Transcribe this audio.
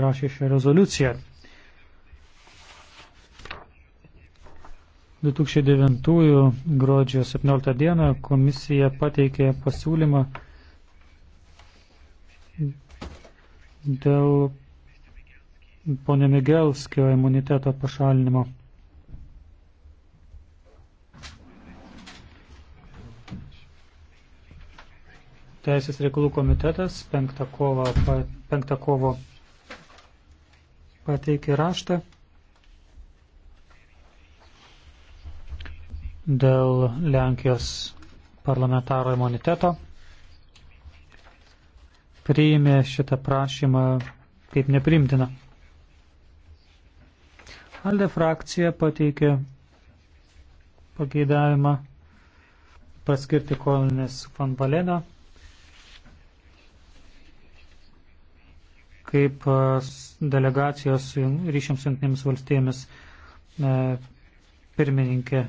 rašė šią rezoliuciją. 2009 gruodžio 17 dieną komisija pateikė pasiūlymą dėl ponė Migelskio imuniteto pašalinimo. Teisės reikalų komitetas 5 kovo, 5 kovo pateikė raštą dėl Lenkijos parlamentaro imuniteto. Priėmė šitą prašymą kaip neprimtina. Alde frakcija pateikė pageidavimą paskirti kolonės Van Baleną kaip delegacijos ryšiams jungtinėms valstybėmis e, pirmininkė